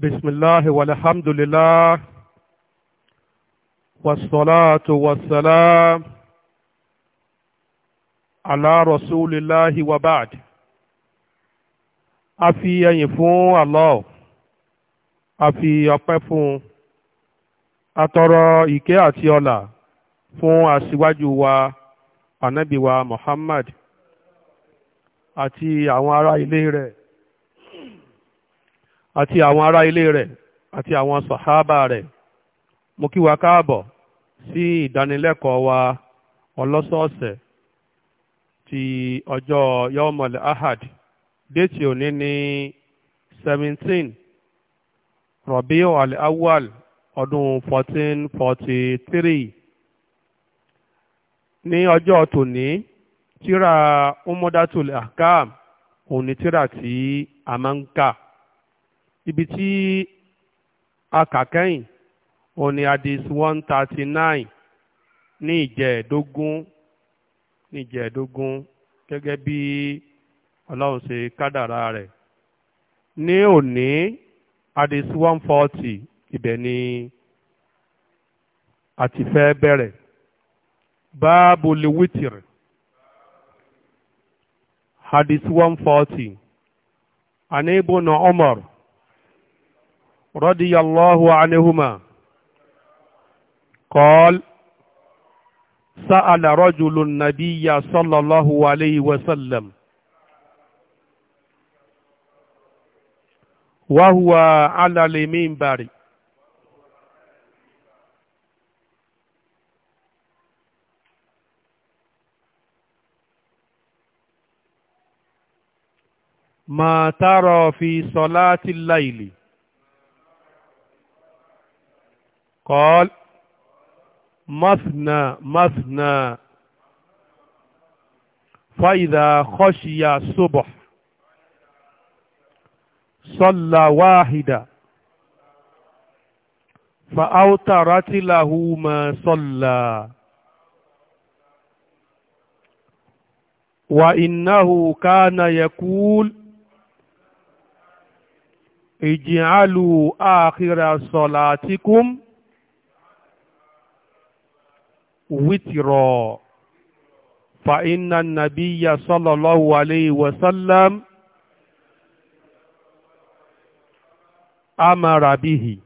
بسم الله والحمد لله والصلاة والسلام على رسول الله وبعد a fi ẹyìn fún Allah a fi ọpẹ́ fún a tọrọ ìkẹ́ àti ọlà fún aṣíwájú wa ànábì wa Muhammad àti àwọn ará ilé rẹ̀ àti àwọn ará ilé rẹ̀ àti àwọn sàhábà rẹ̀ mo kí wa káàbọ̀ sí ìdánilẹ́kọ̀ọ́ wa ọlọ́sọ̀ọ̀sẹ̀ ti ọjọ́ yọmọl ahad déètì òní ní seventeen rọ̀bíọ̀ al awal, ọdún fourteen forty three ní ọjọ́ tòní tíra umudatul ahkam òní tíra tí a máa ń kà ibi tí a kà kẹ́yìn òun ni hadith one thirty nine ní ìjẹ́ẹ̀dógún ní ìjẹ́ẹ̀dógún gẹ́gẹ́ bí ọlọ́run ṣe kádàrá rẹ̀ ní òní hadith one forty ibẹ̀ ni a ti fẹ́ bẹ̀rẹ̀ báàbù lewitiri hadith one forty anibuna omar. رضي الله عنهما قال سأل رجل النبي صلى الله عليه وسلم وهو على المنبر ما ترى في صلاة الليل قال مثنى مثنى فإذا خشي الصبح صلى واحدا فأوترت له ما صلى وإنه كان يقول اجعلوا آخر صلاتكم وترا فإن النبي صلى الله عليه وسلم أمر به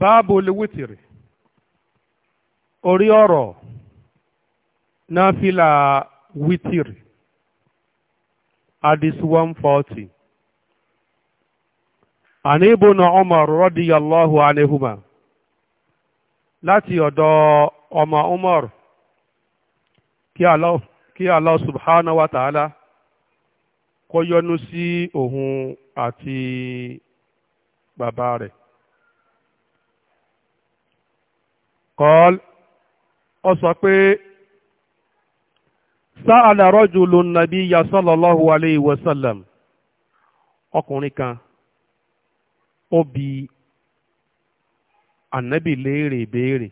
باب الوتر أريورو na náfìlà wítìrì hadith one forty àní ibùnà Umar radiyallahu anihuma lati ọ̀dọ̀ ọmọ Umar kí Allah kí Allah subhanahu wa ta'ala kó yọ́nú sí òun àti bàbá rẹ̀. kọ́l ọ sọ pé sáàlà rọ́jùlù nàbí ya sallallahu alayhi wa ọkùnrin kan ó bi ànábì léèrè ìbéèrè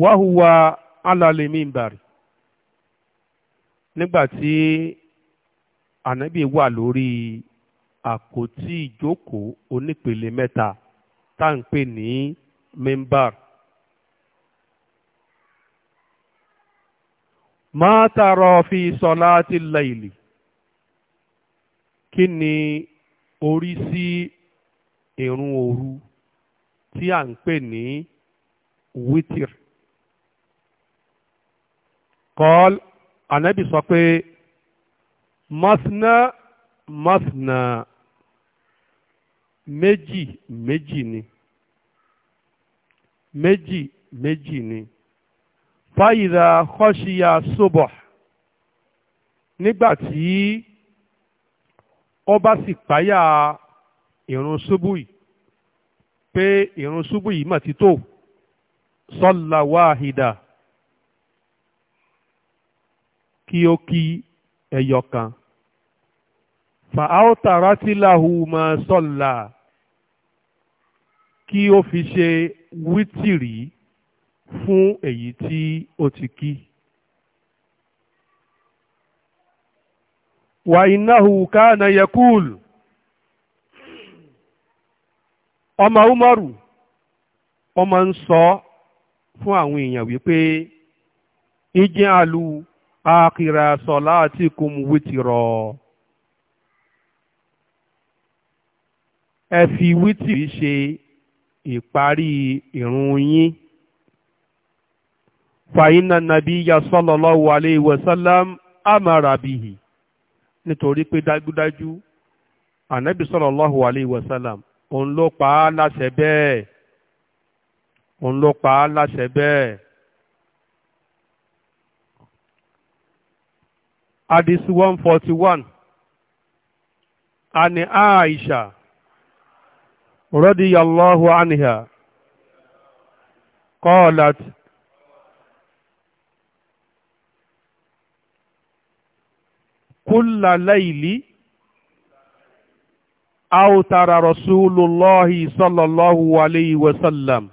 wáhùwà alálẹ̀ mímbàrì nígbà wà lórí àkótí ìjókòó onípele mẹ́ta tá à ń pè ma tara fi salati layli kí ni orí sí ìrun òru tí à ń pè ní wítìr kọ́l ànábì sọ pé masna masna méjì méjì ni méjì méjì ni fáyìdà kọ́ṣíyà sóbọ̀ nígbà tí ó bá sì páyà ìrun ṣubú yìí pé ìrun ṣubú yìí mà ti tó sọ́là wáhìdà kí ó kí ẹyọ kan fàáwòtàrà tí làhùmà sọ́là kí ó fi ṣe wítìrì yìí. fún èyí tí ó ti kí. wà ináhù káàna yakul ọmọ umaru ọmọ ń sọ fún àwọn èèyàn wípé ìjẹ́ àlù àkìrà sọ àti kùmù wítìrọ̀ ẹ fi wítìrì ṣe ìparí ìrun yín. fàyínà nàbíyà sallallahu alayhi wa sallam nítorí pé dájúdájú ànábì sallallahu alayhi wa òun ló pa á láṣẹ bẹ́ẹ̀ òun ló pa á Aisha radiyallahu anha qalat kulla layli awtara rasulullahi sallallahu alayhi wa sallam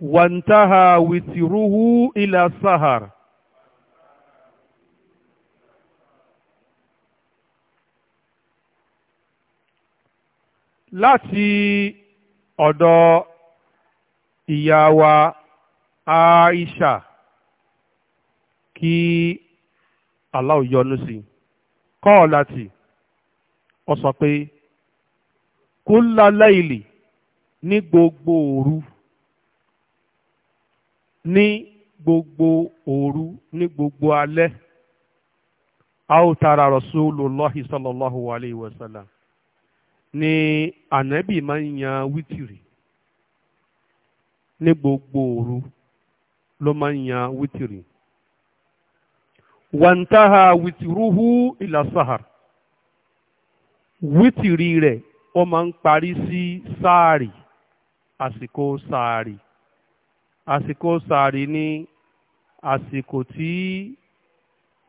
wantaha witiruhu ila sahar láti ọ̀dọ̀ ìyá wa Aisha kí Allah yọ́nú sí kọ́ọ̀láti ó sọ pé kúlá láìlì ní gbogbo òru ní gbogbo òru ní gbogbo alẹ́ àwòtara Rasulullahi sallallahu alayhi wa sallam ni ànábì máa ń yan wítìrì ní gbogbo òru ló máa ń yan wítìrì wàǹtáhà wìtìrúhù ìlàsáhàr wítìrì rẹ̀ ó máa ń parí sí sáàrì àsìkò sáàrì àsìkò sáàrì ní àsìkò tí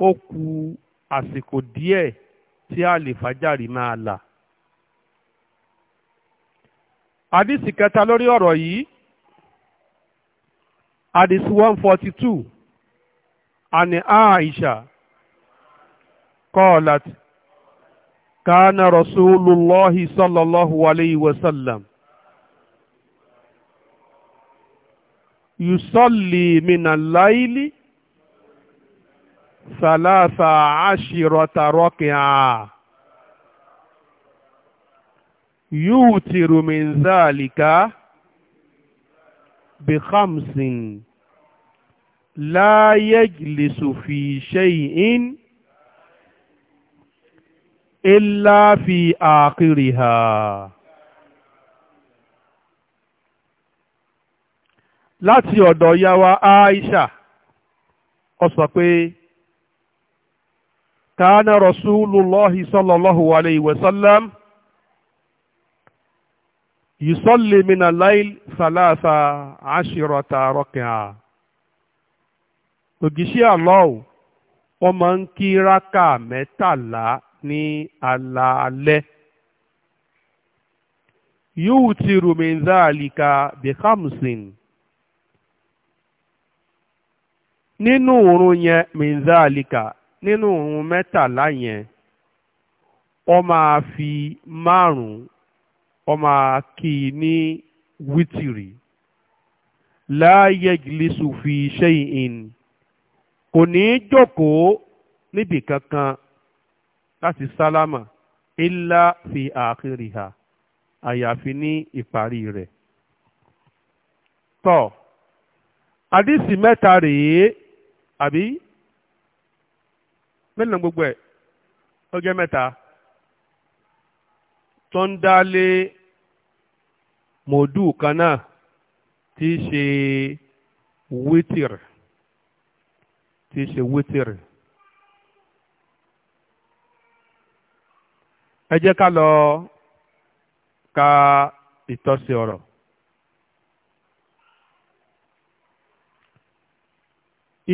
ó kù àsìkò díẹ̀ tí àlìfájàrí máa là. àdìsí kẹta lórí ọ̀rọ̀ yìí Hadith 142 عن عائشة قالت كان رسول الله صلى الله عليه وسلم يصلي من الليل ثلاث عشرة ركعة يوتر من ذلك بخمس لا يجلس في شيء إلا في آخرها láti ọ̀dọ̀ ìyá wa Aisha ó sọ pé كان رسول الله صلى الله عليه وسلم yusalli min al-layl salasa ashirata rak'a ògìṣẹ́ àlọ́ọ̀ wọ́n máa ń kí rákà mẹ́tàlá ní alaalẹ́ yuutiru min zalika bi khamsin nínú òrun yẹn min zalika nínú òrun mẹ́tàlá yẹn ó máa fi márùn-ún ó máa kí i ní wítìrì láàyè jìlísù fi shay'in kò ní í jókòó níbì kankan láti sálámà illa fi akhiriha àyàfi ní ìparí rẹ̀ tọ́ àdìsí mẹ́ta rèé àbí mẹ́lẹ̀ náà gbogbo ẹ̀ ó mẹ́ta tó ń dá lé mòdù kan náà tí í ṣe wítìr tí í ṣe wítìr. ẹ jẹ́ ká lọ ka ìtọ́sí ọ̀rọ̀.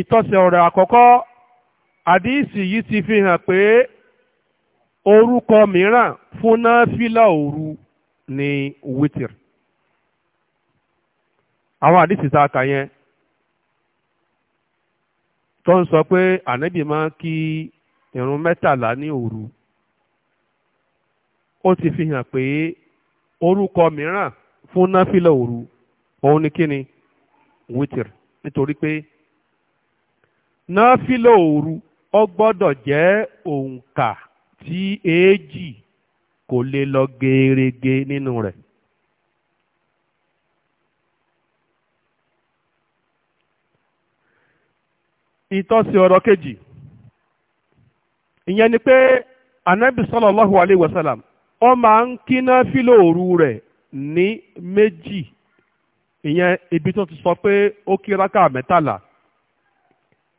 ìtọ́sí ọ̀rọ̀ àkọ́kọ́ àdíìsì yìí ti fi hàn pé orúkọ mìíràn fún náà fílà òru ni wítìrì. àwọn àdìsí tá a kà yẹn tó ń sọ pé ànábì máa ń kí ìrun mẹ́tàlá ní òru ó ti fi hàn pé orúkọ mìíràn fún náfìlà òru òun ni kíni wítìrì nítorí pé náfìlà òru ó gbọ́dọ̀ jẹ́ òǹkà tí èèjì kò lè lọ gerege nínú rẹ̀. ìtọ́sí ọ̀rọ̀ kejì ìyẹn ni pé anabi sallallahu alayhi wa sallam ó máa ń kí náfìlà òru rẹ̀ ní méjì ìyẹn ibi tó ti sọ pé ó kí rákà mẹ́tàlá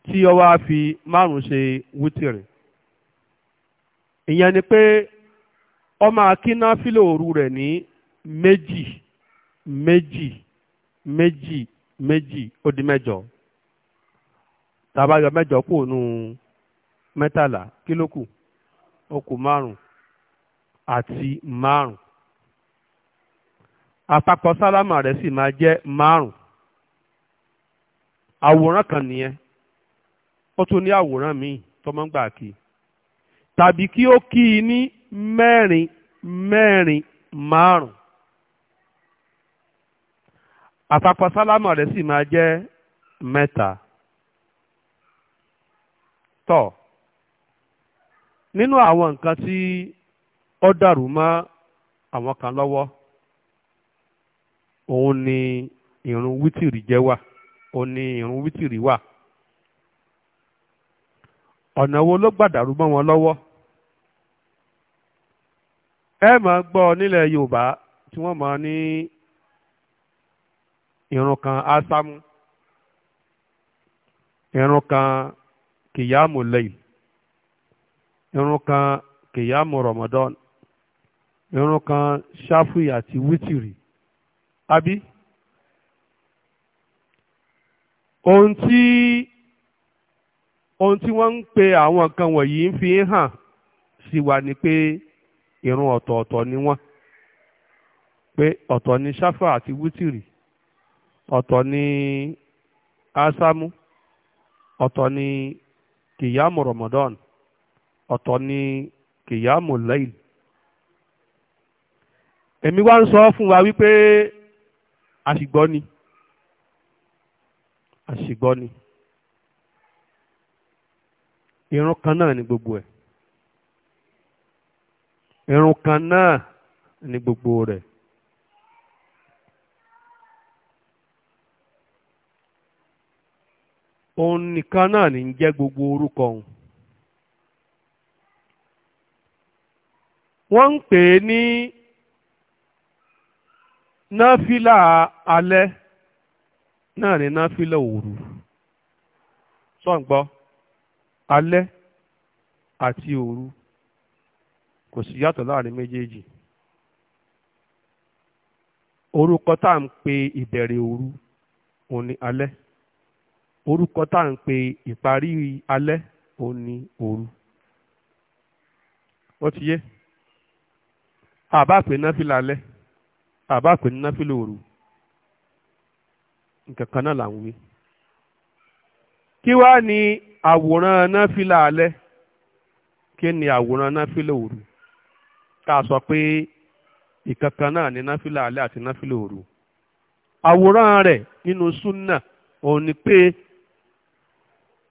tí ó wá fi márùn ṣe wítìrì ìyẹn ni pé ó máa kí náfìlà òru rẹ̀ ní méjì méjì méjì méjì ó di mẹ́jọ. tàbá yọ mẹ́jọ kù nù mẹ́tàlá kí ló kù ó kù márùn àti márùn àpapọ̀ sálámà rẹ̀ sì máa jẹ́ márùn àwòrán kan nìyẹn ó tún ní àwòrán míì tó máa ń tàbí kí ó kí i ní mẹ́rin mẹ́rin márùn àpapọ̀ sálámà rẹ̀ sì máa jẹ́ mẹ́ta. tọ̀ nínú àwọn nǹkan tí ó dàrú mọ àwọn kan lọ́wọ́ òun ni ìrun wítìrì jẹ́ wà òun ni ìrun wítìrì wà ọ̀nà wo ló gbàdàrú mọ wọn lọ́wọ́ ẹ máa gbọ́ nílẹ̀ Yorùbá tí wọ́n máa ní ìrun kan ásámú ìrun kan kìyàmù lẹ́yìn irun kan kìyàmù ramadan irun kan ṣáfùyì àti wítìrì àbí ohun tí ohun tí wọ́n ń pe àwọn nǹkan wọ̀nyí ń fi hàn sí wà ni pé irun ọ̀tọ̀ọ̀tọ̀ ni wọ́n pé ọ̀tọ̀ àti kìyàmù Ramadan ọ̀tọ̀ ni kìyàmù layl èmi wá ń sọ fún wa wípé àṣìgbọ́ ni àṣìgbọ́ ni irun kan náà ni gbogbo ẹ̀ irun kan náà ni gbogbo rẹ̀. òun nìkan náà ní jẹ́ gbogbo orúkọ òun. wọ́n ń pè é ní náfìlà alẹ́ náà ní náfìlà òru sọ̀ǹgbọ́ alẹ́ àti òru kò sí yàtọ̀ láàrin méjèèjì orúkọ tá à ń pe ìbẹ̀rẹ̀ òru òun ni alẹ́. orúkọ tá à ń pe ìparí alẹ́ òun ni òru wọ́n ti yé àbá pè náfìlà alẹ́ àbá pè náfìlà òru nǹkan kan náà là ń wí kí wá ní àwòrán náfìlà alẹ́ kí ni àwòrán náfìlà òru ká sọ pé ìkankan náà ni náfìlà alẹ́ àti náfìlà òru àwòrán rẹ̀ nínú súnà òun ni pé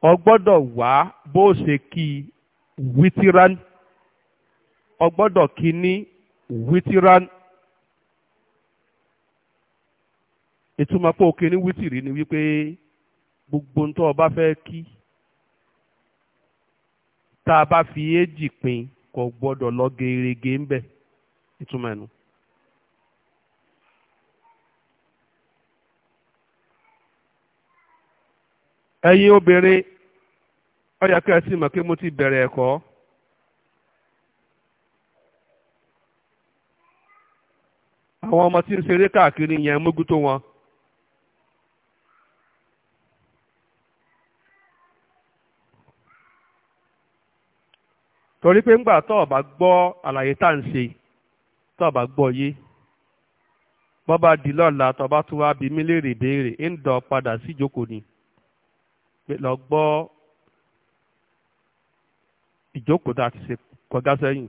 ọ gbọ́dọ̀ wá bó ṣe kí wítíran ọ gbọ́dọ̀ kí ní wítíran ìtumọ̀ pé òkè ní wítìrì ni wípé gbogbo ń tọ́ ọ bá fẹ́ kí tá a bá fi éjì pin kò gbọ́dọ̀ lọ gerege ń bẹ̀ ìtumọ̀ ẹ̀nu. ẹ̀yin obìnrin ó yẹ kí ẹ sì mọ̀ pé mo ti bẹrẹ ẹkọ àwọn ọmọ tí ń ṣeré káàkiri yẹn mójútó wọn. torí pé ńgbà tó o bá gbọ́ àlàyé tá à ń ṣe tó o bá gbọ́ yé bọ́ bá di lọ́la tó o bá tún wá bí mí léèrè béèrè ń dọ̀ padà sí ìjókòó ni. lọ gbọ́ ìjókòó tá a ti ṣe kọjá sẹ́yìn.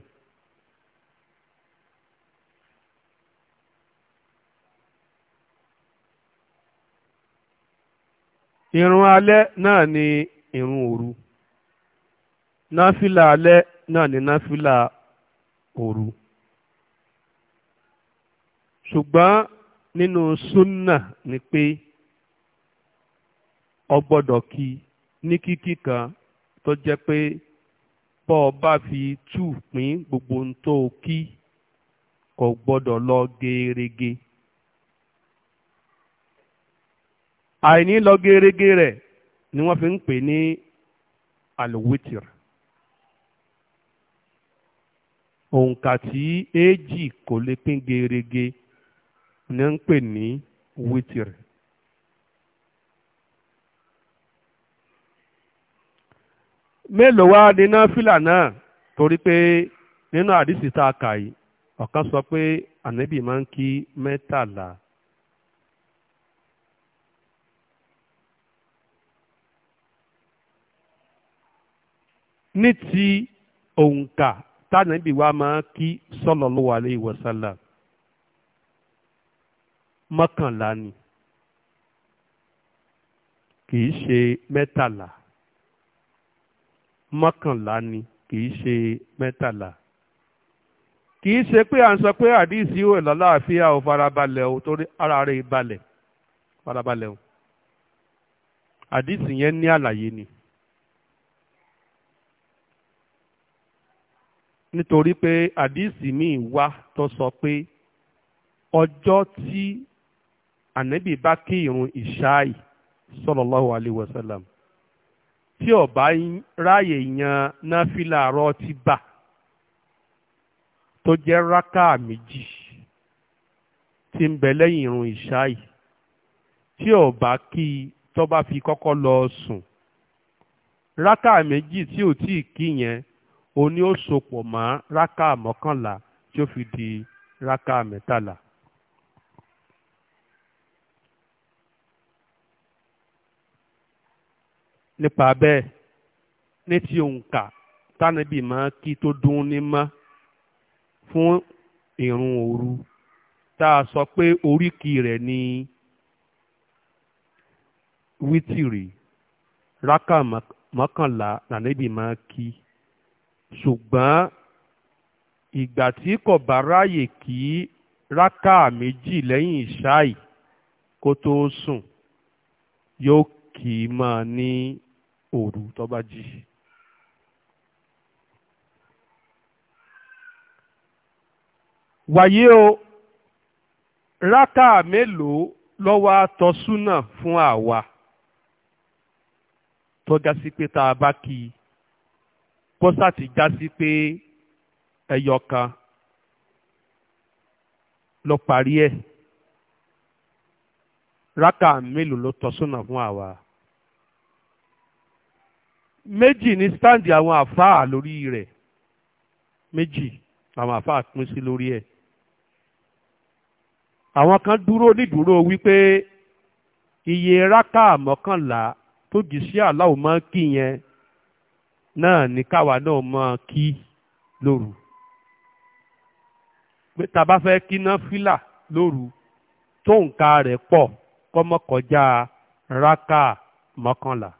ìrun alẹ́ náà ni ìrun òru náfìlà alẹ́ náà ni náfìlà òru ṣùgbọ́n nínú súnnà ni pé ọ kí ní kíkí kan tó jẹ́ pé bọ́ ọ bá fi tù pín gbogbo ohun tó o kí kò gbọ́dọ̀ lọ gerege. àìní lọ gerege rẹ̀ ni wọ́n fi ń pè ní alwitir. òǹkà tí èjì kò lè pín gerege ni wọ́n ń pè ní witir. mélòó wá ní náfìlà náà torí pé nínú àdìsí tá a kà yìí ọ̀kan sọ pé ànábì máa ń kí mẹ́tàlá. ní ti òǹkà tánàbí wa máa kí sallallahu alayhi wa sallam mọ́kànlá ni kì í ṣe mẹ́tàlá mọ́kànlá ni kì í ṣe mẹ́tàlá kì í ṣe pé à ń sọ pé àdìsí ò lọ́láàfíà ò farabalẹ̀ ò torí ara rẹ̀ balẹ̀ farabalẹ̀ ò àdìsí yẹn ní àlàyé ni nítorí pé àdìsí míì wá tó sọ pé ọjọ́ tí ànábì bá kí ìṣáì sallallahu alaihi wasallam tí ó bá ráàyè yan náfìlà àárọ̀ ti bà tó jẹ́ rákà méjì tí ń bẹ lẹ́yìn irun ìṣáì tí ó bá kí tó bá fi kọ́kọ́ lọ sùn rákà méjì tí ò tí ì kí yẹn o ní ó sopọ̀ mọ́ rákà mọ́kànlá tí ó fi di rákà mẹ́tàlá. nípa bẹ́ẹ̀ ní ti òǹkà tánàbì máa kí tó dún ní mọ́ fún ìrun òru tá a sọ pé oríkì rẹ̀ ní wítìrì rákà mọ́kànlá nànàbì máa kí ṣùgbọ́n ìgbà tí kò bá ráàyè kí rákà méjì lẹ́yìn ìṣáì kó tó sùn yóò kì í máa ní òru tó bá jí. wàyí o rákà mélòó ló wà tọ́ súnà fún àwa tó ga sí pé tá a bá kí i kó sá já sí pé ẹyọ kan ló parí ẹ̀ rákà mélòó ló tọ́ fún àwa méjì ni sítáǹdì àwọn àfáà lórí rẹ̀ méjì àwọn àfáà pín sí lórí ẹ̀ àwọn kan dúró nídúró wípé iye rákà mọ́kànlá tó jì sí àláwò máa ń kí yẹn náà ní káwa náà máa kí lóru pé bá fẹ́ kí náfìlà lóru tó nǹka rẹ̀ pọ̀ kọ́mọkọjá rákà mọ́kànlá.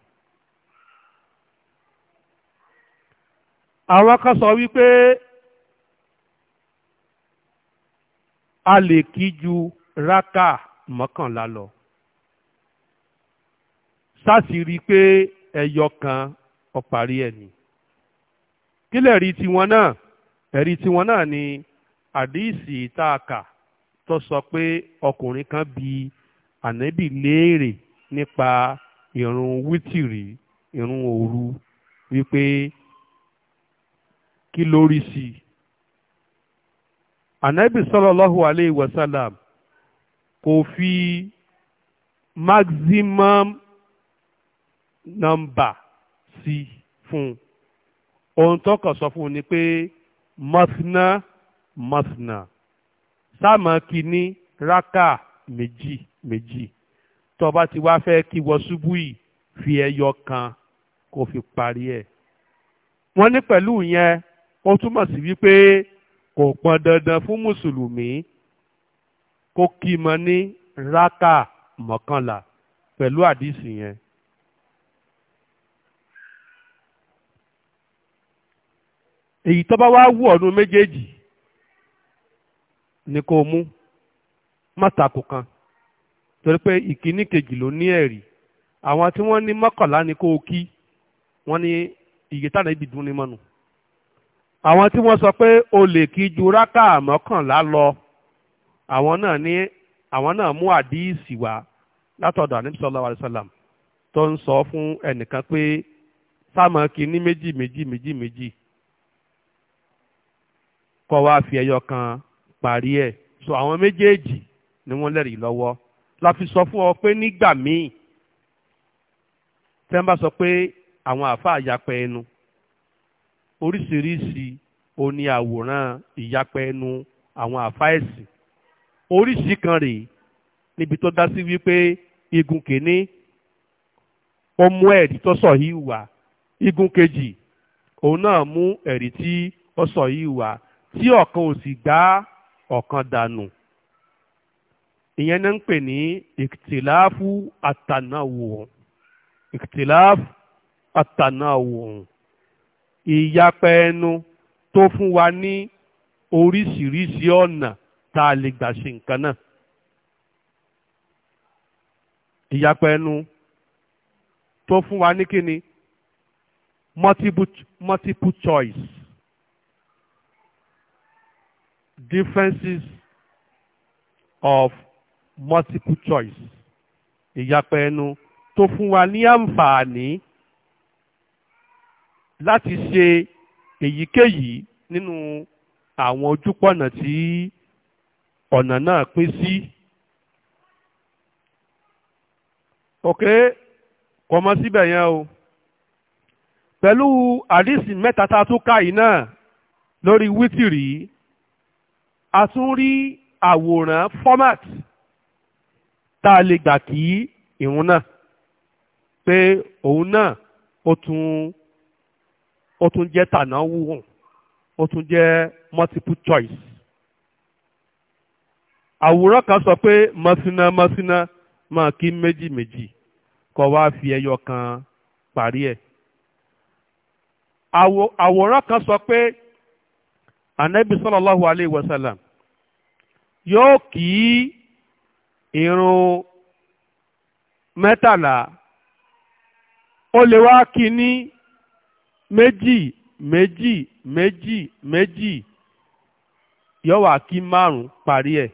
àwọn kan sọ wípé a lè kí ju rákà mọ́kànlá lọ sáàsì rí i pé ẹyọ kan ọ̀parí ẹ̀ ni kílẹ̀ rí tiwọn náà ẹ̀rí tiwọn náà ni àdíìsì tá tó sọ pé ọkùnrin kan bi ànábì léèrè nípa ìrun wítìrì ìrun òru wípé kí ló rí sí i ànábì sallallahu alayhi wa sallam kò fi maximum number sí fún ohun tó kàn sọ fún un ni pé masna masna sáàmà kìíní rákà méjì méjì tó bá ti wá fẹ́ kí wọ ṣubú yìí fi ẹyọ kan kó fi parí ẹ̀ wọ́n ní pẹ̀lú yẹn ó túmọ̀ sí wípé kò pọn dandan fún mùsùlùmí kó kí mọ ní rákà mọ́kànlá pẹ̀lú àdìsí yẹn. èyí tó bá wá wù ọdún méjèèjì ni kò mú mọ́tàkù kan torí pé ìkíní kejì ló ní ẹ̀rí àwọn tí wọ́n ní mọ́kànlá ni kò kí wọ́n ní iye ibi dún ní mọ́nu àwọn tí wọ́n sọ pé o lè kí ju rákà mọ́kànlá lọ àwọn náà ní àwọn náà mú àdíìsì wá látọ̀dọ̀ ànábì sallallahu alaihi wasallam tó ń sọ fún ẹnìkan pé sáàmù kí ní méjì méjì méjì méjì kọ́ wá fi ẹyọ kan parí ẹ̀ so àwọn méjèèjì ni wọ́n lẹ́rìí lọ́wọ́ la fi sọ fún ọ pé nígbà míì tẹ́ ń bá sọ pé àwọn àáfàá yapa ẹnu oríṣiríṣi òní àwòrán ìyapẹnu àwọn àfáìsì oríṣi kan rèé níbi tó dá sí wípé igun kìíní ó mú ẹ̀rí tó sọ yìí wá igun kejì òun náà mú ẹ̀rí tí ó sọ yìí wá tí ọ̀kan ò sì gbá ọ̀kan dànù ìyẹn náà ń pè ní ìkìtìláàfù àtànáwò ìkìtìláàfù àtànáwò ìyapa ẹnu tó fún wa ní oríṣiríṣi ọ̀nà tá a lè gbà ṣe nǹkan náà ìyapa ẹnu tó fún wa ní kíni multiple multiple choice differences of multiple choice ìyapa ẹnu tó fún wa ní àǹfààní láti ṣe èyíkéyìí nínú àwọn ojúpọ̀nà tí ọ̀nà náà pín sí. òkè kọmọ síbẹ̀ yẹn o pẹ̀lú àdísì mẹ́ta tá a tún ká yìí náà lórí wítìrì a tún rí àwòrán format tá a lè gbà kí ìrun náà pé òun náà ó tún ó tún jẹ́ tànáwó ó tún jẹ́ multiple choice. àwòrán kan sọ pé masina masina máa kí méjì méjì kó wá fi ẹyọ kan parí ẹ̀. àwòrán kan sọ pé anabi sallallahu alayhi wa sallam yóò kí irun mẹ́tàlá ó lè wá kí ní méjì méjì méjì méjì yóò kí márùn parí ẹ.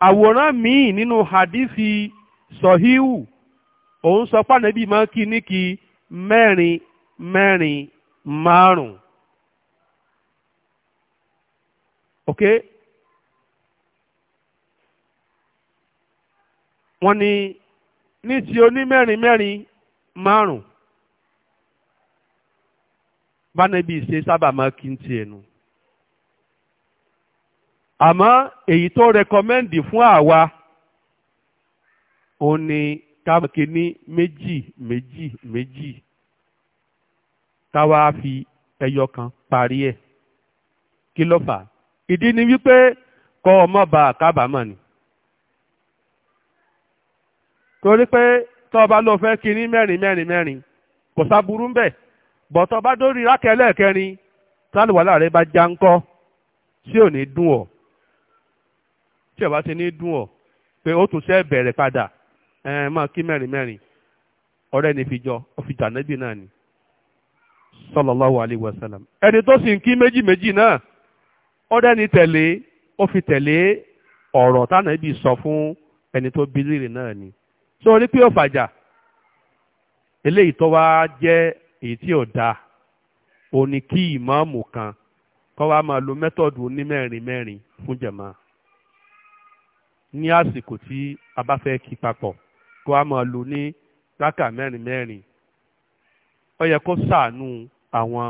àwòrán míì nínú hadithi sọ̀híhù òun sọ pàdébí máa kí ní kí mẹ́rin mẹ́rin márùn. ok wọ́n ní ní ti onímẹ́rin mẹ́rin márùn-ún Bana ṣe sábà máa kí n tiẹ̀ nu. àmọ́ èyí tó rẹkọmẹ́ǹdì fún àwa òun ni káàkì ní méjì méjì méjì táwa fi ẹyọ kan parí ẹ̀ kí ló fà á ìdí ni wípé kọ́ ọmọ bá àkábàámọ̀ ni torí pé tọ́ọ̀bá ló fẹ́ kí mẹ́rin mẹ́rin mẹ́rin kò sáburú ń bẹ́ẹ̀ bọ̀tọ̀ bá dórí rákẹ́ lẹ́ẹ̀kẹrin tálùwàlá rẹ bá já ńkọ́ tí ò ní dùn ọ́ tí ò bá ti ní dùn ọ́ pé ó tún sẹ́ bẹ̀rẹ̀ padà ẹ̀ máa kí mẹ́rin mẹ́rin ọ̀rẹ́ ni fi jọ ọ̀fìjà nẹ́bì náà ni sallallahu alaihi wasallam ẹni tó sì ń kí méjì méjì náà ọ̀rẹ́ ni tẹ̀lé ó fi tẹ̀lé ọ̀rọ̀ sọ fún ẹni tó bí lìrì náà ni sọ orí pé ó fàjà eléyìí tó wá jẹ́ èyí tí ò dáa ò ní kí ìmáàmù kan kọ́ wa máa lo mẹ́tọ̀dù onímẹ́rin mẹ́rin fún jàmá ní àsìkò tí a bá fẹ́ kí papọ̀ kọ́ wa máa lo ní rákà mẹ́rin mẹ́rin ó yẹ kó ṣàánú àwọn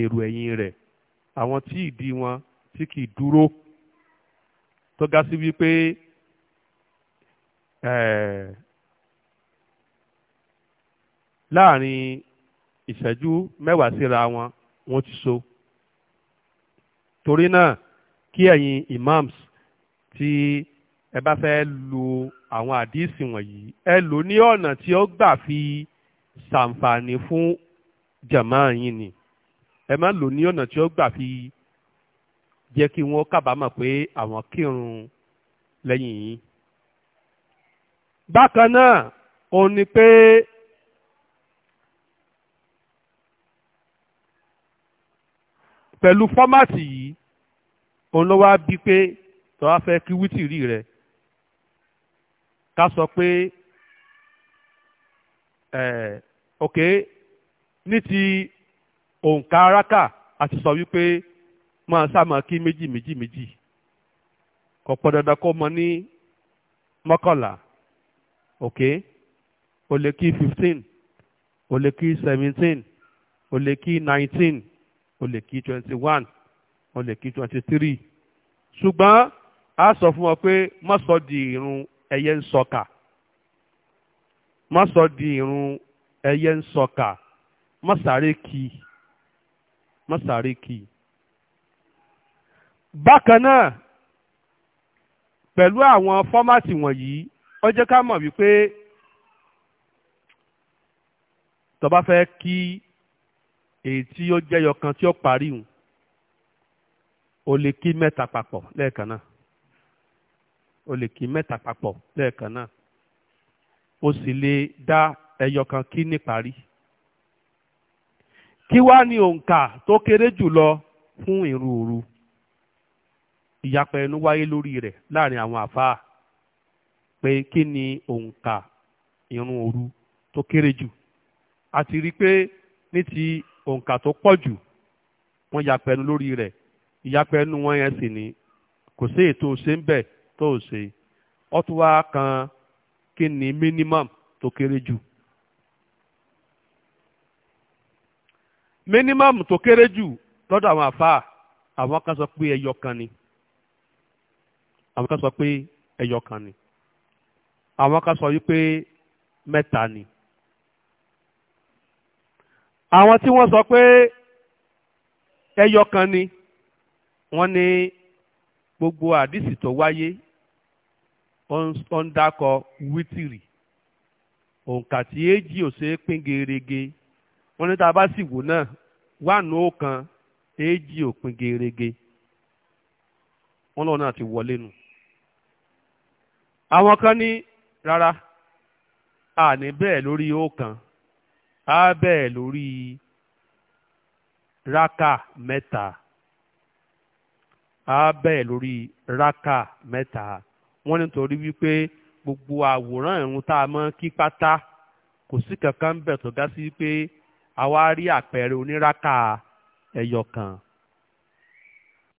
èrò ẹ̀yìn rẹ̀ àwọn tí ìdí wọn tí kì í dúró tó ga sí wípé láàrin ìṣẹ́jú mẹ́wàá síra wọn wọ́n ti so torí náà kí ẹ̀yin imams tí ẹ bá fẹ́ lo àwọn àdíìsì wọ̀nyí ẹ lò ní ọ̀nà tí ó gbà fi ṣàǹfààní fún jàmáà yín ni ẹ má lò ní ọ̀nà tí ó gbà fi jẹ́ kí wọ́n kábàámọ̀ pé àwọn kírun lẹ́yìn yín. bákan náà òun ni pé pẹ̀lú fọ́mátì yìí òun ló wá bí pé tọ́ wá fẹ́ kí wítìrí rẹ̀ ká sọ pé ok ní ti òǹkà aráka àti sọ wípé máa sáàmà kí méjì méjì méjì kò pọ̀ dandan kó mọ ní mọ́kànlá ok o lè kí fifteen o lè kí seventeen o lè kí nineteen o lè kí twenty one o lè kí twenty three ṣùgbọ́n a sọ fún ọ pé má sọ di irun ẹyẹ ń sọkà má sọ di irun ẹyẹ ń sọkà má sáré kí má sáré kí. bákan náà pẹ̀lú àwọn fọ́mátì wọ̀nyí ó jẹ́ ká mọ̀ wípé tó fẹ́ kí èyí tí ó jẹ́yọ kan tí ó parí hùn o lè kí mẹ́ta papọ̀ lẹ́ẹ̀kan náà o lè kí mẹ́ta papọ̀ lẹ́ẹ̀kan náà o sì lè dá ẹyọ kan kí níparí kí wá ní òǹkà tó kéré jùlọ fún ìrun òru ìyapa ẹnu wáyé lórí rẹ̀ láàrin àwọn àfáà pé kí ni òǹkà ìrun òru tó kéré jù àti rí pé ní ti òǹkà tó pọ̀ jù wọ́n yapẹnu lórí rẹ̀ ìyapẹnu wọn yẹn sì ni kò sí ètò ṣe ń bẹ̀ tó ò ṣe kan kí ni minimum tó kéré jù. minimum tó kéré jù lọ́dọ̀ àwọn àfáà àwọn kan sọ pé ẹyọ kan ni àwọn kan sọ pé ẹyọ kan ni àwọn kan sọ wípé mẹ́ta ni. àwọn tí wọ́n sọ pé ẹyọ kan ni wọ́n ní gbogbo àdìsí tó wáyé ó ń dákọ wítìrì òǹkà tí èjì ò ṣe é pín gerege wọ́n ní tá a bá sì wò náà wà ní ọ̀kan èjì ò pín gerege wọ́n lọ́wọ́ náà ti wọlé nù. àwọn kan ní rárá ní bẹ́ẹ̀ lórí ọ̀kan. á bẹ̀ẹ̀ lórí rákà mẹ́ta á bẹ̀ẹ̀ lórí rákà mẹ́ta wípé gbogbo àwòrán ìrun tá a mọ́ kí pátá kò sí kankan ń bẹ̀ tó ga sí pé àwa rí àpẹẹrẹ oníraka ẹyọ kan